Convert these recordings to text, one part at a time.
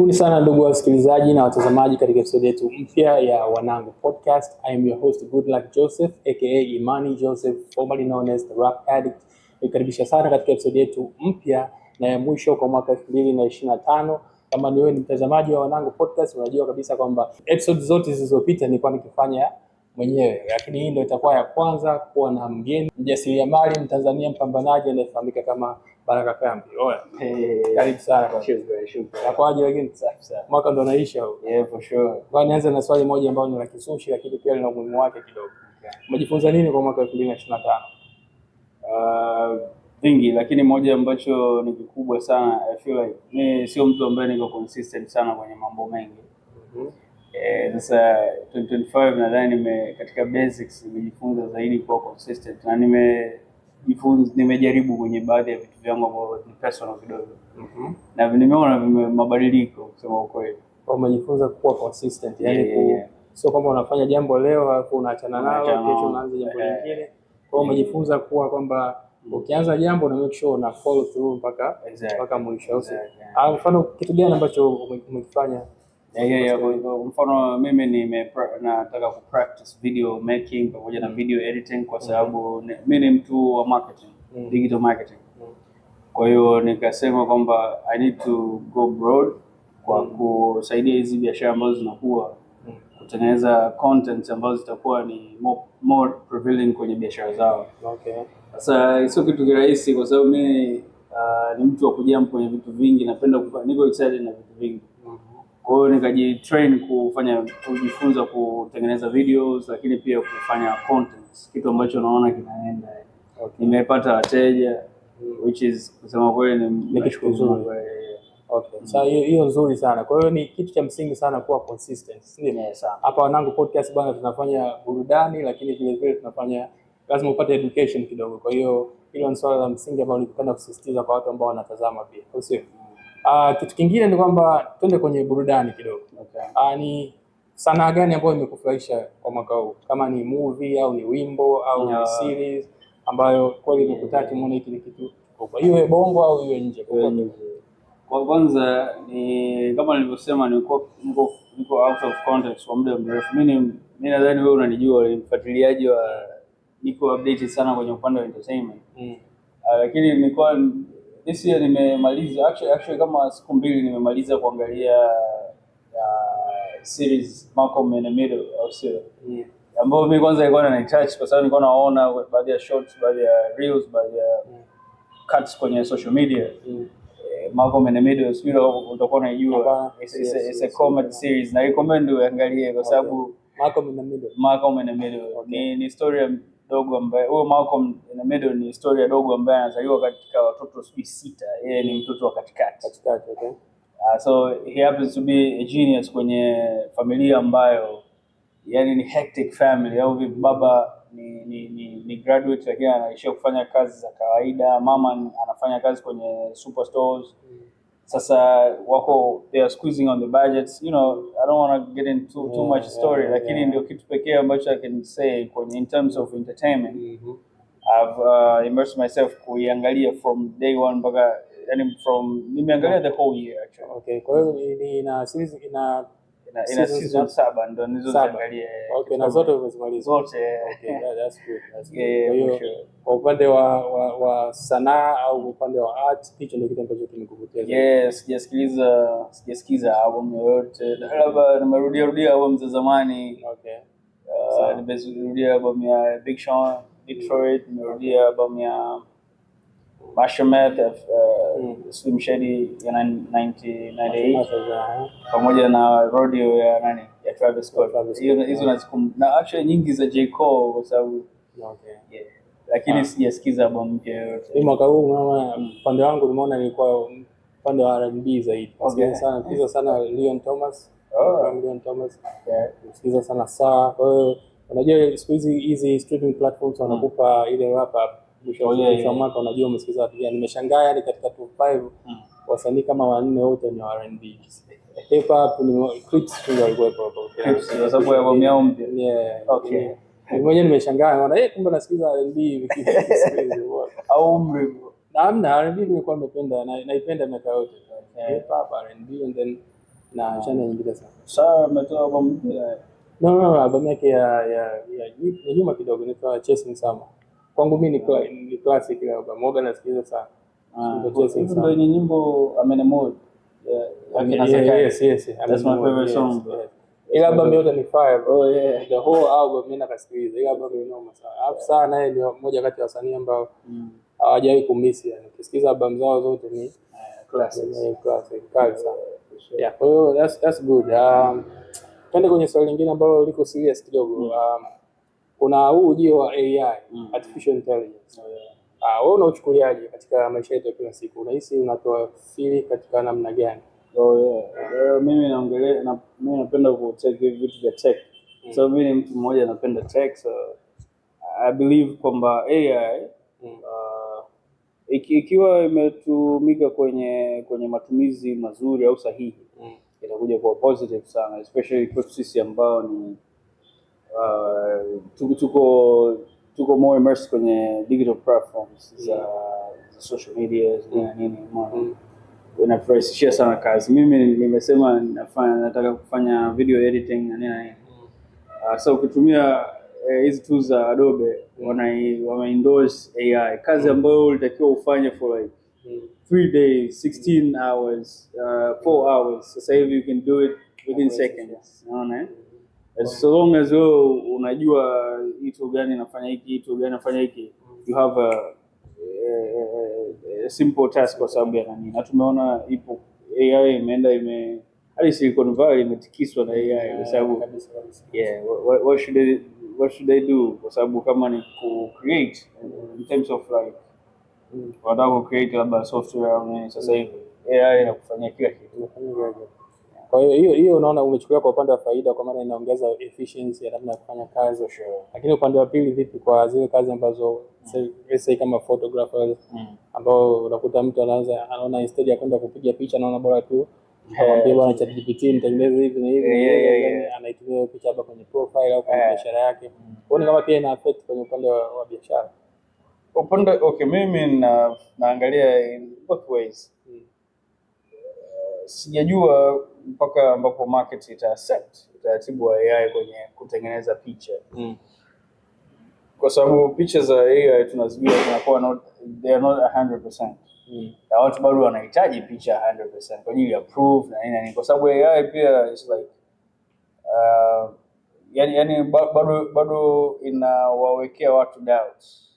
Karibuni sana ndugu wasikilizaji na watazamaji katika episode yetu mpya ya Wanangu Podcast. I am your host Goodluck Joseph aka Imani Joseph formerly known as the Rap Addict. Nikukaribisha sana katika episode yetu mpya na ya mwisho kwa mwaka 2025. Kama ni wewe ni mtazamaji wa Wanangu Podcast, unajua kabisa kwamba episode zote zilizopita nilikuwa nikifanya mwenyewe, lakini hii ndio itakuwa ya kwanza kuwa na mgeni mjasiriamali Mtanzania mpambanaji anayefahamika kama Baraka Kambi. Oya. Karibu sana. Shukrani, Kwaje wengine? Safi sana. Mwaka ndo huko. Yeah, for sure. Kwa nianze na swali moja ambalo ni la kisushi lakini pia lina umuhimu wake kidogo. Umejifunza nini kwa mwaka 2025? Uh, vingi lakini moja ambacho ni kikubwa sana I feel like sio mtu ambaye niko consistent sana kwenye mambo mengi. Mm-hmm. Eh, sasa 2025 nadhani nime katika basics nimejifunza zaidi kuwa consistent na nime nimejifunza, nimejaribu kwenye baadhi ya vitu vyangu ambavyo ni personal kidogo mhm. na nimeona mabadiliko kusema ukweli, kwa umejifunza kuwa consistent yani Sio kwamba unafanya jambo leo alafu unaachana nalo kesho unaanza jambo eh, eh. lingine. Kwa hiyo umejifunza kuwa kwamba mm. ukianza jambo na make sure una follow through mpaka mpaka mwisho. Au ah, mfano kitu gani ambacho umekifanya yeah, yeah, yeah. Mfano mimi nime nataka ku practice video making pamoja mm. na video editing kwa mm. sababu mimi mm -hmm. ni mtu wa marketing, mm -hmm. digital marketing mm -hmm. kwa hiyo nikasema kwamba I need to go broad kwa mm -hmm. kusaidia hizi biashara ambazo zinakuwa mm. kutengeneza content ambazo zitakuwa ni more, more prevailing kwenye biashara zao. Okay. Sasa sio kitu kirahisi kwa sababu mimi uh, ni mtu wa kujam kwenye vitu vingi, napenda kufanya, niko excited na vitu vingi kwa hiyo nikajitrain kufanya kujifunza kutengeneza videos, lakini pia kufanya content, kitu ambacho naona kinaenda. Okay. Nimepata wateja hmm. which is kusema kweli ni kitu kizuri. Okay. Sasa hiyo hiyo nzuri sana. Kwa hiyo ni kitu cha msingi sana kuwa consistent, si ndio? Yes, hapa Wanangu Podcast bwana, tunafanya burudani lakini vile vile tunafanya lazima upate education kidogo. Kwa hiyo hilo ni swala la msingi ambalo nilipenda kusisitiza kwa watu ambao wanatazama pia. Au sio? Uh, kitu kingine ni kwamba twende kwenye burudani kidogo. Okay. Uh, ni sanaa gani ambayo imekufurahisha kwa mwaka huu, kama ni movie au ni wimbo au yeah, ni series ambayo kweli nikutaki muone hiki ni kitu kubwa, iwe bongo au iwe nje? Kwa kwanza ni kama nilivyosema, niko niko niko out of context kwa muda mrefu. Mimi mimi nadhani wewe unanijua, ni mfuatiliaji wa niko updated sana kwenye upande wa entertainment, mm. Uh, lakini nilikuwa this year nimemaliza actually, actually kama siku mbili nimemaliza kuangalia uh, series Malcolm in the Middle of series Yeah. Ambayo mimi kwanza ilikuwa inanitouch kwa sababu nilikuwa naona baadhi ya shorts, baadhi ya reels, baadhi ya yeah. cuts kwenye social media. Yeah. Eh, Malcolm in the Middle sio yeah. utakuwa unajua. It's, it's, yes, it's yes, a comedy yes, series. Na recommend uangalie kwa sababu okay. Malcolm in the Middle. Malcolm in the Middle. Okay. Ni, ni story dogo ambaye huyo Malcolm in the ni historia dogo ambaye anazaliwa katika watoto sijui sita, yeye ni mtoto wa katikati katikati, okay. Uh, so he happens to be a genius kwenye familia ambayo yani ni hectic family au baba ni ni, ni, ni graduate lakini anaishia kufanya kazi za kawaida, mama anafanya kazi kwenye superstores mm sasa wako they are squeezing on the budgets you know I don't want to get into too, too much story yeah, yeah, lakini yeah. Ndio kitu pekee ambacho I can say kwenye in terms of entertainment mm -hmm. I've uh, immersed myself kuiangalia from day one mpaka yani from nimeangalia the whole year actually. Okay, kwa hiyo ina series ina saba ndo nilizoziangalia. zote umezimaliza? Kwa upande wa wa, wa sanaa au upande wa art, hicho ndio kitu ambacho kimekuvutia. sijasikiliza sijasikiliza album yoyote. Labda nimerudia rudia album za zamani. Okay. Uh, nimerudia album ya Big Sean Detroit, mm. nimerudia album ya Bashmet uh, hmm. Slim Shady ya 1998 uh, pamoja na Rodeo ya uh, nani ya Travis Scott. Hizo hizo na na actually nyingi za J Cole kwa sababu okay. Yeah. Lakini ah. sijasikiza album mpya yote. Mimi mwaka huu mama, upande wangu nimeona nilikuwa upande wa R&B zaidi. Nasikiza sana nasikiza sana Leon Thomas. Oh. Leon Thomas. Nasikiza sana saa. Kwa hiyo unajua siku hizi hizi streaming platforms wanakupa ile wrap up mwisho wa eh. mwaka unajua umesikiza watu gani. Nimeshangaa yani katika top 5 mm. wasanii kama wanne wote ni R&B. Hip hop ni clips tu walikuwepo hapo. kwa sababu ya mwa mpya. Yeah. Okay. Mwenyewe nimeshangaa naona eh, kumbe nasikiza R&B hivi au umri. Naamna R&B nimekuwa nimependa na naipenda miaka yote. Hip hop, R&B and then na chana nyingine sana. Sasa umetoa album no no, album yake ya ya ya nyuma kidogo inaitwa Chasing Summer kwangu mi ni, kla, ni classic leo kama moga nasikiliza sana. Ndio yenye nyimbo amenemod. Yes, yes. That's my favorite song. ni fire. Oh, The whole album nakasikiliza. Ile album ni ni moja kati ya wasanii ambao mm. hawajawai kumisi yani. Ukisikiza zao zote ni ah, classic Yeah, kwa hiyo that's good. Um, twende kwenye swali lingine ambalo liko serious kidogo. Mm. Um, kuna huu ujio wa AI, mm. artificial intelligence. Oh, ah, wewe unauchukuliaje katika maisha yetu ya kila siku? Unahisi unatoa fili katika namna gani? Oh, yeah. Uh, mimi naongelea na, mimi napenda ku take vitu vya tech. Mm. So mimi ni mtu mmoja napenda tech so I believe kwamba AI mm. uh, iki, ikiwa imetumika kwenye kwenye matumizi mazuri au sahihi mm. itakuja kuwa positive sana especially kwa sisi ambao ni uh, tuko tuko tuko more immersed kwenye digital platforms za yeah. za social media yeah. Mm. nini mm. inaturahisishia sana kazi. Mimi nimesema nafanya nataka kufanya video editing na nini mm. uh, so ukitumia eh, hizi uh, tools za Adobe yeah. Mm. wame endorse AI kazi mm. ambayo ulitakiwa ufanye for like mm. three days 16 hours uh, four hours sasa hivi you can do it within seconds naona yes so long as wewe unajua hii gani nafanya hiki, hii gani nafanya hiki, you have a, a, a a simple task kwa sababu ya nani, na tumeona ipo AI imeenda ime hadi Silicon Valley imetikiswa na AI kwa sababu yeah, what, what should they what should they do? Kwa sababu kama ni ku create in terms of like mm. wanataka ku create labda software au nini, sasa hivi mm. AI inakufanyia kila kitu. Kwa hiyo hiyo hiyo unaona umechukulia kwa upande wa faida, kwa maana inaongeza efficiency ya namna ya kufanya kazi sure. Lakini upande wa pili vipi kwa zile kazi ambazo mm. kama photographer mm. ambao unakuta mtu anaanza anaona instead ya kwenda kupiga picha anaona bora tu nikamwambia bwana cha GPT nitengeneze hivi na hivi, anaitumia picha hapa kwenye profile au kwenye biashara yake. Uone mm. kama pia ina affect kwenye upande wa, wa biashara? Upande okay, mimi na naangalia in both ways. Hmm sijajua mpaka ambapo market ita accept utaratibu wa AI kwenye kutengeneza picha mm. Kwa sababu picha za AI tunazijua zinakuwa not, they are not 100% mm. Na watu bado wanahitaji picha 100% kwa ajili ya proof na nini na nini, kwa sababu AI pia is like uh, yani, yani bado bado inawawekea watu doubts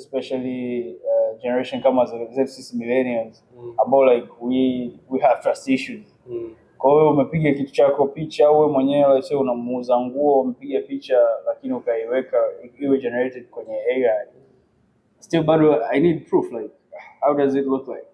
especially uh, generation kama zetu sisi millennials mm. about like we we have trust issues mm. Kwa hiyo umepiga kitu chako picha au wewe mwenyewe like unamuuza nguo umepiga picha, lakini ukaiweka iwe generated kwenye AI, still bado I need proof like how does it look like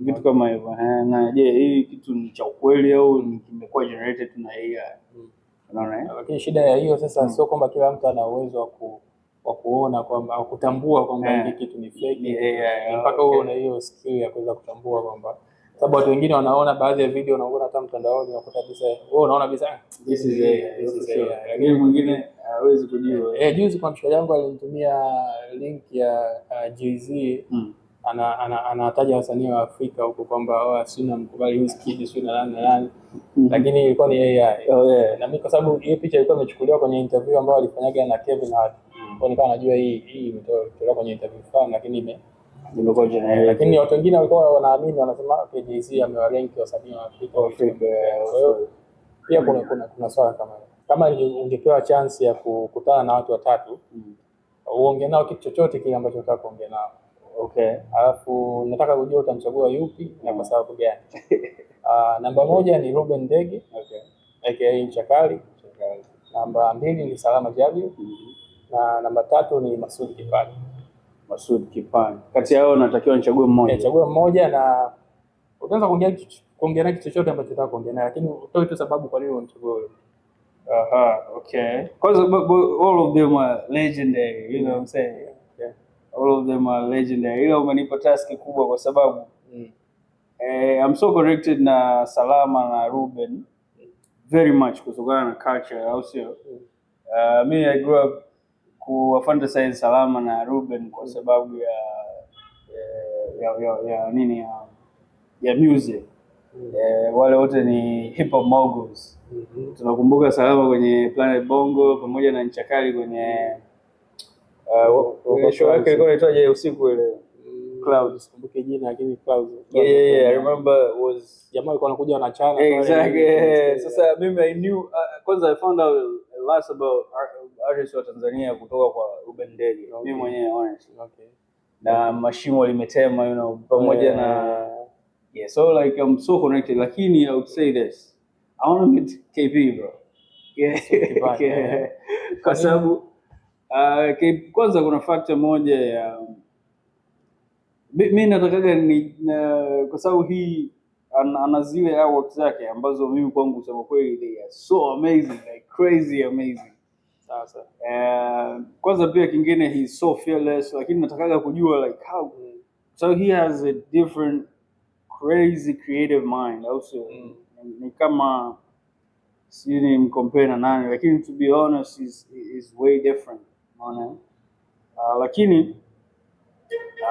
vitu kama hivyo eh, na je, hii kitu ni cha ukweli au kimekuwa generated na AI? Mm. Unaona, lakini shida ya hiyo sasa, mm. sio kwamba kila mtu ana uwezo wa ku wa kuona kwamba au kutambua kwamba eh. hiki yeah. kitu ni fake yeah, yeah, mpaka wewe okay. una hiyo skill ya kuweza kutambua kwamba sababu watu wengine wanaona baadhi ya video unaona hata mtandaoni unakuta kabisa wewe unaona kabisa ah, this is a this is a lakini mwingine hawezi kujua. Eh, eh, juzi kwa mshikaji wangu alinitumia link ya JZ uh, jay hmm. ana anataja wasanii wa Afrika huko kwamba oh, si namkubali Wizkid sio na nani nani hmm. lakini ilikuwa ni AI. Oh, yeah. Na mimi kwa sababu hiyo picha ilikuwa imechukuliwa kwenye interview ambayo alifanyaga na Kevin Hart kwa nikawa najua hii hii imetolewa kwenye interview fulani, lakini ime imekuwa general, lakini watu wengine walikuwa wanaamini wanasema KJC amewarank wasanii wa Afrika Afrika. Kwa hiyo pia kuna kuna kuna swala kama hilo. kama ungepewa chance ya kukutana na watu watatu mm. uonge nao kitu chochote kile ambacho unataka kuongea nao Okay. Alafu nataka kujua utamchagua yupi na kwa sababu gani? Uh, namba moja ni Ruben Ndege, okay. aka Nchakali. Namba mbili ni Salama Jabir. mm -hmm na namba tatu ni Masudi Kipani. Masudi Kipani, kati yao natakiwa nichague mmoja? Yeah, chagua mmoja na utaanza kuongea kuongea na kitu chochote ambacho unataka kuongea naye, lakini utoe tu sababu kwa nini unachagua wewe. Aha, okay. Because all of them are legendary, you know what I'm saying? Yeah. All of them are legendary. Ila umenipa task kubwa kwa sababu mm. eh, I'm so connected na Salama na Ruben mm. very much kutokana na culture, au sio? Mm. Uh, me I grew up kuwafanda Said Salama na Ruben kwa sababu ya ya, ya, ya, ya nini ya, ya music mm. Eh, wale wote ni hip hop moguls mm -hmm. Tunakumbuka Salama kwenye Planet Bongo pamoja na Nchakali kwenye uh, show yake ilikuwa inaitwaje usiku ile mm-hmm. jina lakini Yeah, yeah, yeah, I remember was Exactly. Sasa mimi I knew uh, kwanza I found out lot about artist wa Tanzania kutoka kwa Ruben Dege okay. Mimi mwenyewe honestly okay. na mashimo limetema you know, pamoja yeah. na yeah, so like I'm so connected lakini I would say this I want to meet KP bro yeah. yeah. yeah. kwa sababu uh, kwanza kuna factor moja ya mimi mi natakaga ni uh, kwa sababu hii an, ana zile artwork zake ambazo mimi kwangu kusema kweli they are so amazing like crazy amazing uh, kwanza pia kingine he is so fearless, lakini natakaga kujua like how mm. so he has a different crazy creative mind also mm. ni kama si ni mkompare na nani, lakini to be honest is, is way different unaona uh, lakini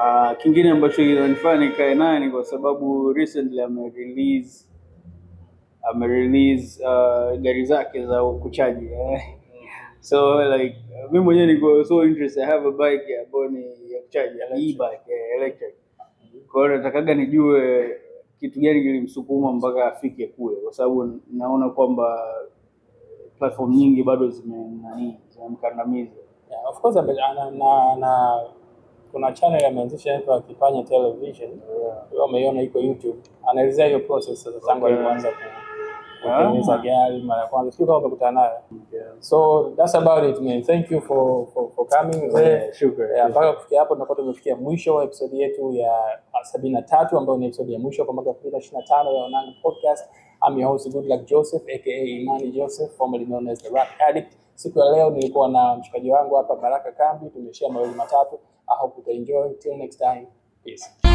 uh, kingine ambacho kinanifanya nikae naye ni kwa sababu recently ame release ame release uh, ah, gari zake za kuchaji eh so like uh, mwenyewe niko so I have a bike ambayo ni ya kuchaji electric. natakaga nijue kitu gani kilimsukuma mpaka afike kule, kwa sababu naona kwamba platform nyingi bado zimenani zinamkandamiza. Yeah, of course na, na, na kuna channel ameanzisha akifanya television, yeah. Ameiona iko YouTube, anaelezea hiyo process sasa tangu alipoanza kutengeneza ah. gari mara ya kwanza, sio kama kukutana naye. So that's about it man, thank you for for, for coming mzee. Shukrani. Mpaka kufikia hapo tunakuwa tumefikia mwisho wa episode yetu ya 73 ambayo ni episode ya mwisho kwa mwaka 2025 ya Onanga Podcast. I'm your host Good Luck Joseph aka Imani Joseph formerly known as the Rap Addict. Siku ya leo nilikuwa na mshikaji wangu hapa Baraka Kambi, tumeshare mawili matatu. I hope you enjoy. Till next time. Peace.